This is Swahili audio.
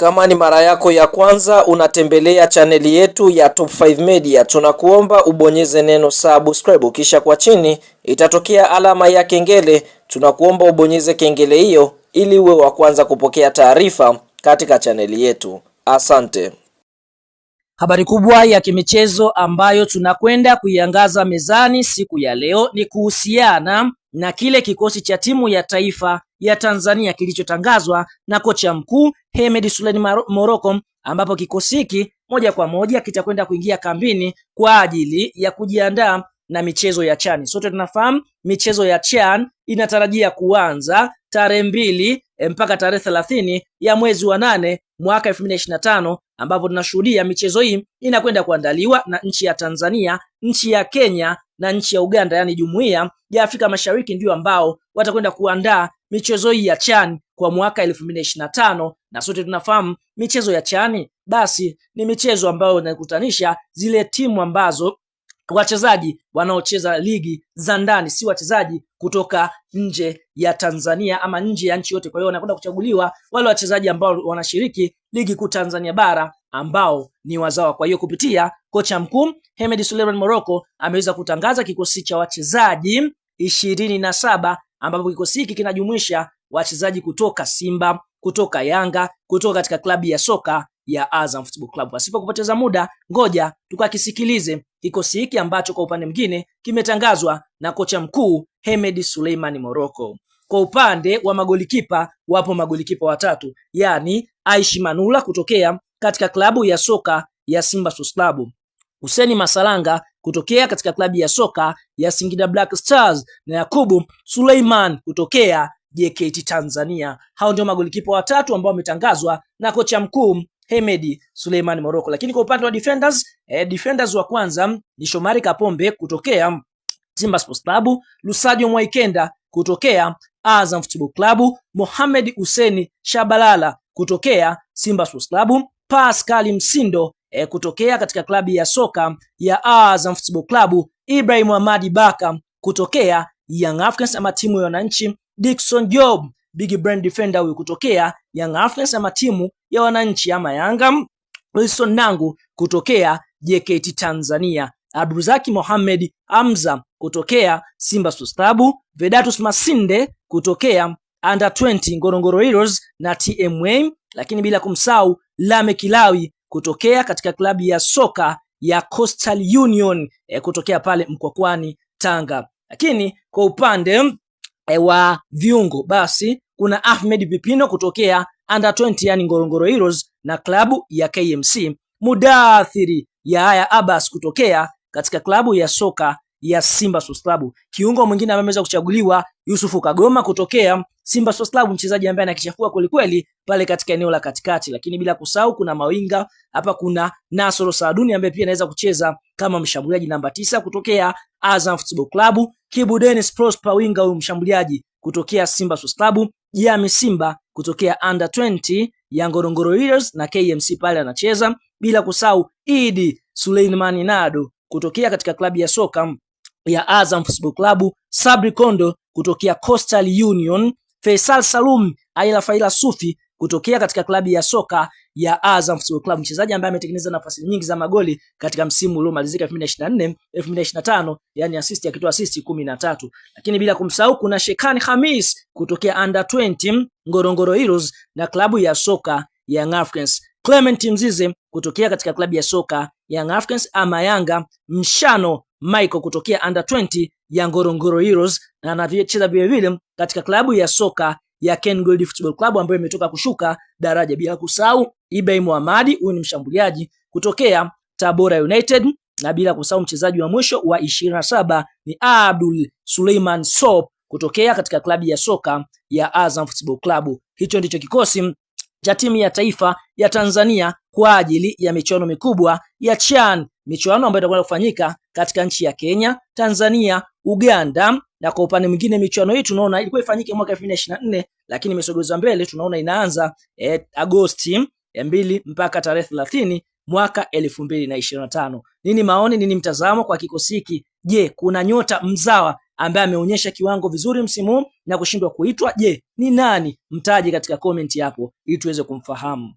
Kama ni mara yako ya kwanza unatembelea chaneli yetu ya Top 5 Media, tunakuomba ubonyeze neno subscribe, kisha kwa chini itatokea alama ya kengele. Tunakuomba ubonyeze kengele hiyo ili uwe wa kwanza kupokea taarifa katika chaneli yetu. Asante. Habari kubwa ya kimichezo ambayo tunakwenda kuiangaza mezani siku ya leo ni kuhusiana na kile kikosi cha timu ya taifa ya Tanzania kilichotangazwa na kocha mkuu Hemed Suleiman Morocco, ambapo kikosi hiki moja kwa moja kitakwenda kuingia kambini kwa ajili ya kujiandaa na michezo ya CHAN. Sote tunafahamu michezo ya CHAN inatarajia kuanza tarehe mbili eh, mpaka tarehe thelathini ya mwezi wa nane mwaka 2025 ambapo tunashuhudia michezo hii inakwenda kuandaliwa na nchi ya Tanzania, nchi ya Kenya na nchi ya Uganda, yaani jumuiya ya Afrika Mashariki ndio ambao watakwenda kuandaa michezo hii ya CHAN kwa mwaka 2025 na sote tunafahamu michezo ya CHAN basi ni michezo ambayo inakutanisha zile timu ambazo wachezaji wanaocheza ligi za ndani, si wachezaji kutoka nje ya Tanzania ama nje ya nchi yote. Kwa hiyo wanakwenda kuchaguliwa wale wachezaji ambao wanashiriki ligi kuu Tanzania bara ambao ni wazawa. Kwa hiyo kupitia kocha mkuu Hemed Suleiman Morocco ameweza kutangaza kikosi cha wachezaji ishirini na saba ambapo kikosi hiki kinajumuisha wachezaji kutoka Simba, kutoka Yanga, kutoka katika klabu ya soka ya Azam Football Club. Pasipo kupoteza muda, ngoja tukakisikilize kikosi hiki ambacho kwa upande mwingine kimetangazwa na kocha mkuu Hemed Suleiman Morocco. Kwa upande wa magolikipa wapo magolikipa watatu, yani Aishi Manula kutokea katika klabu ya soka ya Simba Sports Club, Huseni Masalanga kutokea katika klabu ya soka ya Singida Black Stars na Yakubu Suleiman kutokea JKT Tanzania. Hao ndio magolikipa watatu ambao wametangazwa na kocha mkuu Hemedi Suleiman Moroko. Lakini kwa upande wa defenders, eh, defenders wa kwanza ni Shomari Kapombe kutokea Simba Sports Club, Lusajo Mwaikenda kutokea Azam Football Club, Mohamed Huseni Shabalala kutokea Simba Sports Club, Pascal Msindo e, kutokea katika klabu ya soka ya Azam Football Club, Ibrahim Ahmadi Baka kutokea Young Africans ama timu ya wananchi, Dickson Job big brand defender huyu kutokea Young Africans ama timu ya wananchi ama Yanga, Wilson Nangu kutokea JKT Tanzania, Abdulzaki Mohamed Hamza kutokea Simba Sports Club, Vedatus Masinde kutokea Under 20 Ngorongoro Heroes na TMA, lakini bila kumsahau Lame Kilawi kutokea katika klabu ya soka ya Coastal Union e, kutokea pale Mkwakwani Tanga. Lakini kwa upande e, wa viungo basi kuna Ahmed Pipino kutokea under 20 yani Ngorongoro Heroes na klabu ya KMC, Mudathiri ya haya Abbas kutokea katika klabu ya soka ya Simba Sports Club. Kiungo mwingine ambaye ameweza kuchaguliwa Yusufu Kagoma kutokea Simba Sports Club, mchezaji ambaye anakichafua kwelikweli pale katika eneo la katikati, lakini bila kusahau kuna Mawinga hapa, kuna Nasoro Saduni ambaye pia anaweza kucheza kama mshambuliaji namba tisa kutokea Azam Football Club. Kibu Dennis Prosper Winga, huyu mshambuliaji kutokea Simba Sports Club. Jami Simba kutokea under 20 ya Ngorongoro Heroes na KMC pale anacheza, bila kusahau Idi Suleiman Nado kutokea katika klabu ya soka ya Azam Football Club, Sabri Kondo kutokea Coastal Union, Faisal Salum Aila Faila Sufi kutokea katika klabu ya soka ya Azam Football Club, mchezaji ambaye ametengeneza nafasi nyingi za magoli katika msimu uliomalizika 2024 2025, yani assist akitoa assist 13, lakini bila kumsahau kuna Shekan Hamis kutokea under 20 Ngorongoro Heroes na klabu ya soka ya Young Africans, Clement Mzize kutokea katika klabu ya soka Young Africans ama Yanga, Mshano Michael kutokea under 20 ya Ngorongoro Heroes na anacheza vilevile katika klabu ya soka ya Ken Gold Football Club ambayo imetoka kushuka daraja, bila kusahau Ibrahim Ahmadi, huyu ni mshambuliaji kutokea Tabora United, na bila kusahau mchezaji wa mwisho wa 27 ni Abdul Suleiman Sop kutokea katika klabu ya soka ya Azam Football Club. Hicho ndicho kikosi cha timu ya taifa ya Tanzania kwa ajili ya michuano mikubwa ya CHAN michuano ambayo itakwenda kufanyika katika nchi ya Kenya, Tanzania, Uganda na kwa upande mwingine michuano hii tunaona ilikuwa ifanyike mwaka 2024 lakini imesogezwa mbele, tunaona inaanza eh, Agosti ya eh, mbili mpaka tarehe 30 mwaka 2025. Nini maoni, nini mtazamo kwa kikosi hiki? Je, kuna nyota mzawa ambaye ameonyesha kiwango vizuri msimu huu na kushindwa kuitwa? Je, ni nani? Mtaje katika komenti hapo ili tuweze kumfahamu.